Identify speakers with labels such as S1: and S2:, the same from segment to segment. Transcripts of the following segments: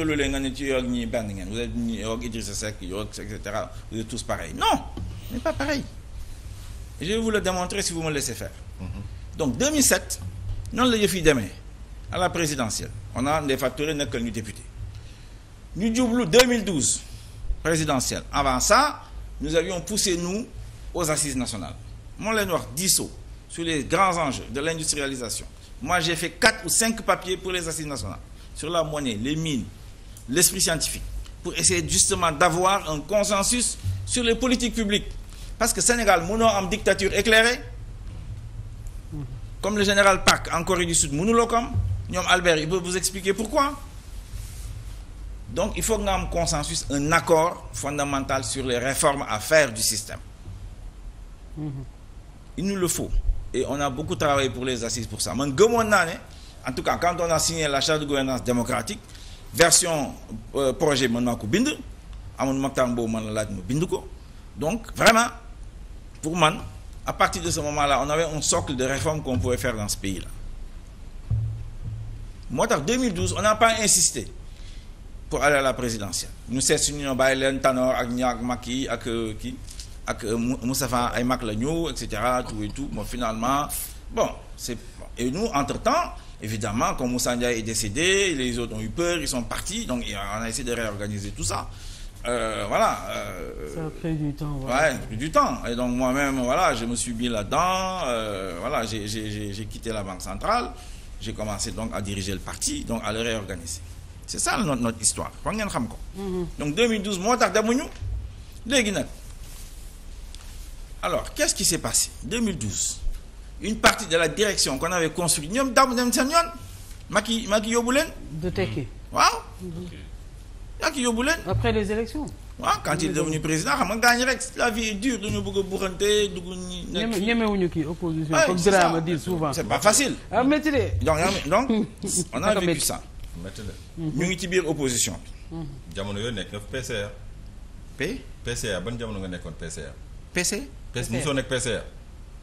S1: tëlulee nga ne ci yow ak ñi benn ngeen vous êtes ñi yow ak Idrissa Seck yow ak et cetera vous êtes tous pareils non mais pas pareil je vous le démontrer si vous me laissez faire mhm. donc 2007 noonu la yëf yi demee à la présidentielle on a des facteurs nekkal ñu député ñu jublu 2012 présidentielle avant ça nous avions poussé nous aux assises nationales moo leen wax diisoo sur les grands enjeux de l'industrialisation moi j'ai fait quatre ou cinq papiers pour les assises nationales sur la monnaie les mines l'esprit scientifique pour essayer justement d'avoir un consensus sur les politiques publiques parce que Sénégal mono am dictature éclairée comme le général Park en Corée du Sud mënuloo ko am ñoom Albert il peut vous expliquer pourquoi donc il faut nga am consensus un accord fondamental sur les réformes à faire du système mm-hmm. il nous le faut et on a beaucoup travaillé pour les assises pour ça man naa en tout cas quand on a signé la de gouvernance version euh, projet mën naa ko bind amoon maktaan boobu man la laaj ma bind ko donc vraiment pour man à partir de ce moment-là on avait un socle de réformes qu'on pouvait faire dans ce pays-là moo tax on n'a pas insisté pour aller à la présidence ñu seet suñu ñoo bàyyi leen Tanor ak ña ak Macky ak euh, kii ak euh, Moustapha ay mag la ñëw et cetera tout et tout bon finalement bon c'est et nous entre-temps Évidemment, quand Moussa Ndiaye est décédé, les autres ont eu peur, ils sont partis, donc on a essayé de réorganiser tout ça. Euh, voilà. Euh, ça a pris du temps. Voilà. Ouais, pris du temps. Et donc moi-même, voilà, je me suis là-dedans. Euh, j'ai quitté la Banque centrale. J'ai commencé donc à diriger le parti, donc à le réorganiser. C'est ça notre, notre histoire. Mm -hmm. Donc 2012, moi, Tardamounou, les Guinées. Alors, qu'est-ce qui s'est passé une partie de la direction qu'on avait construite ñoom daw dem seen yoon Macky Macky yóbbu leen. de tekki waaw. Macky yóbbu leen. après les élections. waaw quand il est devenu président xam nga gaañ rek la vie est dure dañoo bëgg a buuxante dugg ñi. ñeme ñemewuñu kii opposition. comme Birame dit souvent c'est pas facile. ah métti de. donc donc on a vécu ça. métti de. ñu ngi ci biir opposition bi. Mm-hmm. jamono yooyu nekk nga PCA. P. PCA ban jamono nga nekkoon PCA. PC. PCA mosoo nekk PCA.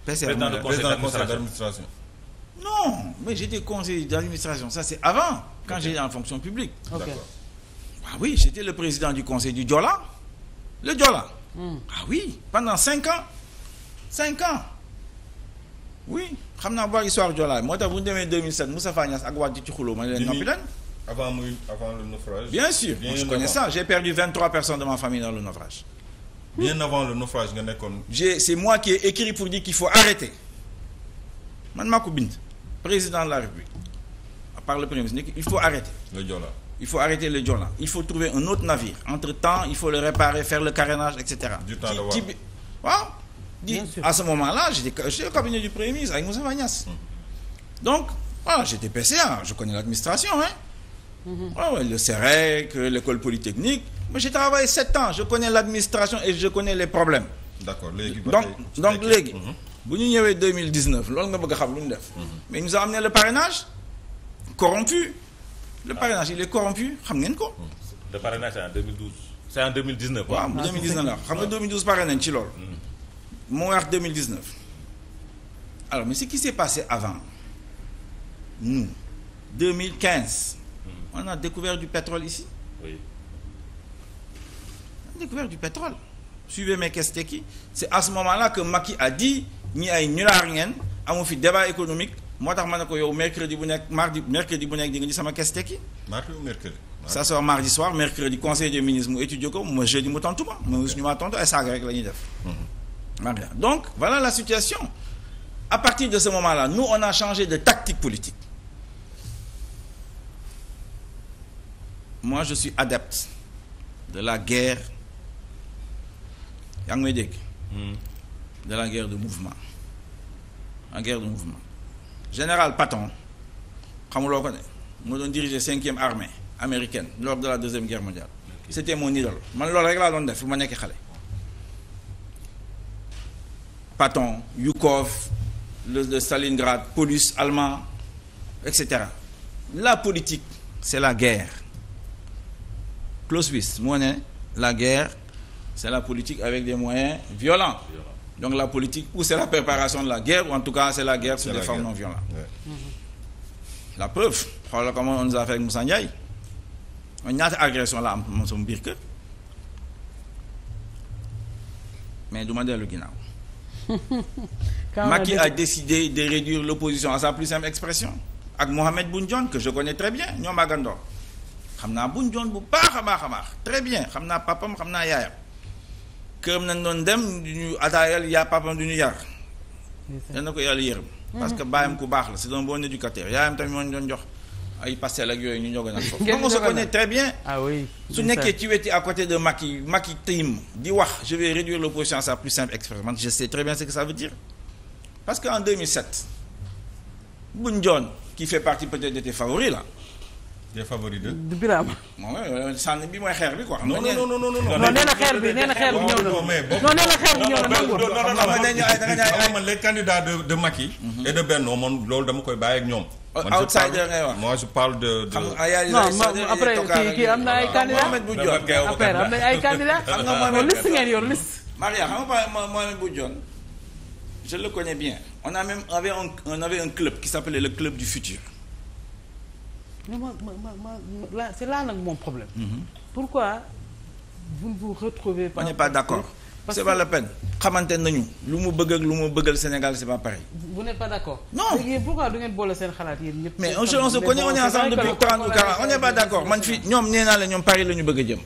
S1: PCA président du euh, conseil d'administration non mais j'étais conseiller d'administration c'est avant quand okay. en fonction publique okay. ah oui j'étais le président du conseil du Joola le Joola hmm. ah oui pendant cinq ans cinq ans oui xam naa bu histoire Joola moo tax bu Moustapha Niasse ak wàcc ci xuloo ma bien sûr je connais ça j'ai perdu 23 personnes de ma famille dans le naufrage bien avant le naufrage nga nekkoon. j'ai c'est moi qui ai écrit pour dire qu'il faut arrêter man maa ko président de la République par le premier ministre il faut arrêter. le Joola il faut arrêter le Joola il faut trouver un autre navire entre temps il faut le réparer faire le carénage et cetera. à ce moment-là j'étais j'étais au cabinet du premier ministre avec Moussa Magnas. donc voilà ah, j'étais PCA je connais l'administration hein. Mm -hmm. ouais, ouais, e l'école polytechnique. mais j'ai travaillé sept ans je connais l'administration et je connais les problèmes. d'accord léegi donc donc léegi. Mhm. bu ñu ñëwee deux mille dix neuf loolu nga bëgg a xam lu ñu def. Mhm. mais nous a amené le parrainage corrompu. le ah. parrainage il est corrompu xam ngeen ko. Mhm. le parrainage c'est en 2012. c'est en 2019. waaw bu 2019 la xam nga 2012 parrainé nañ ci loolu. moo wax 2019. alors mais ce qui s'est passé avant nous 2015. on a découvert du pétrole ici. découverte du pétrole suivez mes caisses tekki c'est à ce moment-là que Macky a dit ñi ay ñulaar ngeen amu fi débat économique moo tax ma ne ko yow mercredi bu nekk mardi mercredi bu nekk di nga di sama caisses tekki. mardi ou mercredi. soir mercredi conseil des ministres mu étudier ko ma jeudi mu tontu ma ma ñu ma tontu ay saaga rek la ñuy def. Mm-hmm. donc voilà la situation à partir de ce moment-là nous on a changé de tactique politique. moi je suis adepte de la guerre. yaa ngi may dégg. Hmm. de la guerre de mouvement la guerre de mouvement général paton xamuloo ko ne moo doon diriger cinquième armée américaine lors de la deuxième guerre mondiale okay. c'était mon idole man loolu rek laa doon def fu ma nekk xale Patton Yukov le de Stalingrad Paulus allemand et cetera la politique c'est la guerre Clausewitz moo ne la guerre c'est la politique avec des moyens violents. Donc la politique, ou c'est la préparation de la guerre, ou en tout cas c'est la guerre sous des formes non violentes. Ouais. La preuve, xoolal comment on nous a fait avec Moussa Ndiaye ñaata agression la am moom sama biir kër mais du ma dellu ginnaaw. Macky a décidé de réduire l'opposition à sa plus simple expression ak Mohamed Boun Dionne je connais très bien ñoo màggandoo xam naa Boun Dionne bu baax a baax a baax très bien xam naa papam xam naa yaayam. këram nañ doon dem du ñu ataayal yaa papam du ñu yar dan na ko yàlla yërëm mhm. parce que bàyyam ku baax la c'est un bon éducateur yaayam tamit moo ñu doon jox ay pastel ak yooyu ñu ñogo nag foofu donc on se connaît très bien ah côté de Macky Macky Tim di wax je vais réduire l'opposition à sa plus simple expression je sais très bien ce que ça veut dire parce que en 2007 Boun Dionne qui fait partie peut-être de tes favoris des favoris de. du Birame. moom sànni bi mooy xeer bi quoi. non non non non non non nee na xeer bi nee na xeer bi ñëw na. non nee na xeer bi ñëw na nangu. non non non man les candidats de de Macky. et de Benno man loolu dama koy bàyyi ak ñoom. Oh, outsider ngay wax moi je parle de de. non après kii kii am na ay candidats. Mohamed Boudione après am na ay candidats. xam nga Mohamed liste ngeen yor liste. Maria xam nga Mohamed Boudione je le connais bien on a même avait un on avait un club qui s'appelait le club du futur. mais moi, moi, moi, là c'est là nag mon problème. Mhm. pourquoi vous ne vous retrouvez pas. on n'est pas d'accord c'est pas la peine xamante nañu lu mu bëgg ak lu mu bëggal Sénégal c'est pas pareil. vous n'êtes pas d'accord. non léegi pourquoi du ngeen boole seen xalaat yéen ñëpp. mais on se on se connaît on est ensemble depuis 30 ou 40 on n'est pas d'accord man fii ñoom nee naa la ñoom Paris la ñu bëgg a jëm.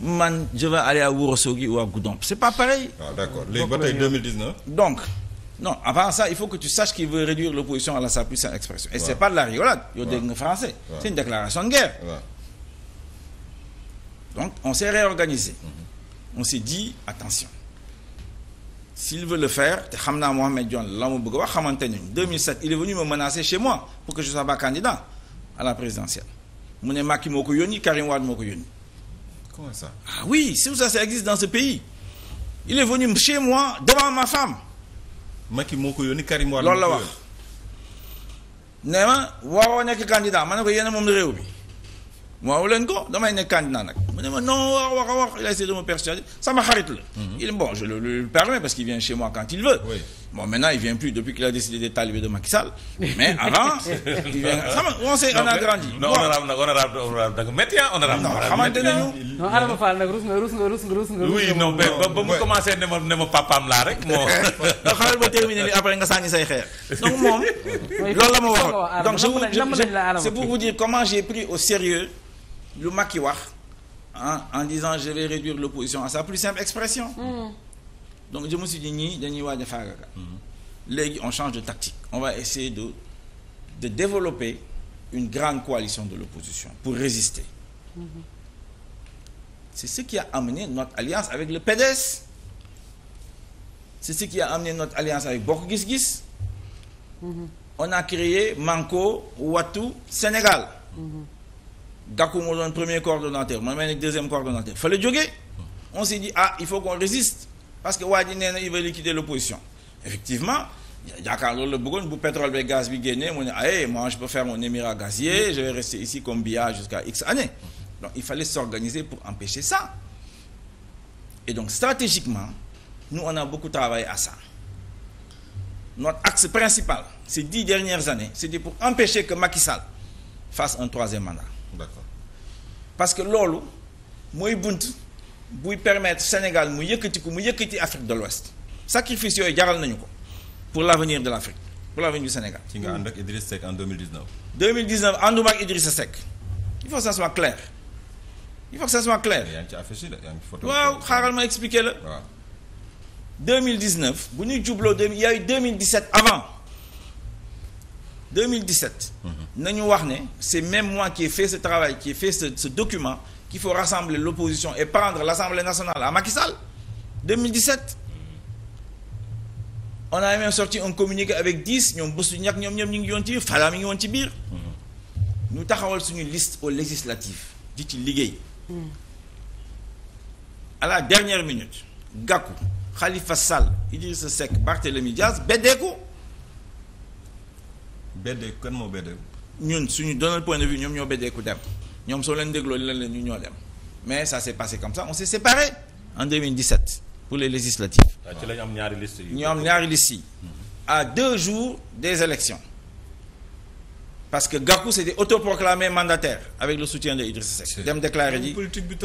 S1: man je vais aller à Ourossogui ou à Goudomp c'est pas pareil. waaw ah, d'accord léegi ba tey 2019. donc. non avant ça il faut que tu saches qu'il veut réduire l'opposition à la sa puissance expression et ouais. c'est pas de la rigolade yow dégg nga français c'est une déclaration de guerre donc on s'est réorganisé mm-hmm. on s'est dit attention s'il veut le faire te xam naa Mohamed Dionne la mu bëgg wax xamante ni mm-hmm. 2007 il est venu me menacer chez moi pour que je sois pas candidat à la présidentielle mu ne Macky moo ko yónni Karim Wade moo ko ah oui si ça ça existe dans ce pays il Macky moo ko yónni Karim Wade loolu la wax nee ma waroo nekk candidat ma ne ko yéen moom réew bi waaw leen ko damay nekk candidat nag mu ne ma non wax wax wax il a essayé de me persuader sama xarit la. il bon je le lui permets parce qu'il vient chez moi quand il veut. Oui. bon maintenant il vient plus depuis qu'il a décidé d'être talibé de Macky Sall. mais avant. il vient sama on s'est on a grandi. non honorable nag honorable honorable nag métti ah honorable. non xamante nañu. non Adama Fall nag rus nga rus nga rus nga rus nga. oui non mais ba mu commencé ne ma ne ma papaam laa rek moo. donc xaaral ba terminé li après nga sànni say xeer. donc moom. loolu la ma waxoon donc je vous c'est pour vous dire comment j'ai pris au sérieux lu Macky wax. en en disant je vais réduire l'opposition à sa plus simple expression. Mmh. donc je me suis dit ñii dañuy waaj a mm. on change de tactique. on va essayer de de développer une grande coalition de l'opposition pour résister. Mmh. c'est ce qui a amené notre alliance avec le PDS. c'est ce qui a amené notre alliance avec Bokk Gis Gis. Mmh. on a créé Manko Wattu Sénégal. Mm-hmm. Gakou moo doon premier coordonnateur man may nekk deuxième coordonnateur fa la jógee on s'est dit ah il faut qu'on résiste parce que waa ji nee na il va liquider l'opposition effectivement yaakaar loolu la bëggoon bu pétrole ba gaz bi génnee mu ne aye ah, eh, moi je peux faire mon émirat gazier je vais rester ici Biya jusqu'à X années donc il fallait s'organiser pour empêcher ça et donc stratégiquement nous on a beaucoup travaillé à ça notre axe principal ces dix dernières années c'était pour empêcher que Macky Sall fasse un troisième d'accord parce que loolu mooy bunt buy permettre Sénégal mu yëkkatiku mu yëkkati Afrique de l'Ouest sacrifice yooyu jaral nañu ko pour l'avenir de l'Afrique pour l'avenir du Sénégal. ci nga ànd ak Idrissa Seck en 2019. 2019 ànduma ak Idrissa Seck il faut que ça il faut que ça soit clair. yaa ngi ci affiche la yaa ci photo. waaw xaaral ma expliquer la. waaw 2019 bu ñuy jubloo deux y a eu 2017 avant. 2017 nañu wax ne c'est même moi qui ai fait ce travail qui ai fait ce, ce document qu'il faut rassembler l'opposition et prendre l'Assemblée nationale à Macky on a même sorti un communiqué avec 10 ñoom bësu ñàkk ñoom ñoom ñu ngi yoon ci biir Fada mi ngi ci biir ñu taxawal suñu liste au législatif di ci liggéey à la dernière minute Gakou Khalifa Sall Idrissa Seck Barthélémy Diaz beddeeku beddeeku kan moo beddeeku. ñun suñu donal point de vue ñoom ñoo beddeeku dem ñoom soo leen dégloo leen leen ñu ñoo dem mais ça s'est passé comme ça on s'est séparé en 2017 pour les législatives. Ah, ci la ñu am ñaari liste yi. ñu am mhm. à deux jours des élections parce que Gakou s'était autoproclamé mandataire avec le soutien de Idrissa Seck. dem déclaré ji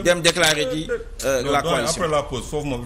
S1: dem déclaré ji euh, la la pause foofu moom.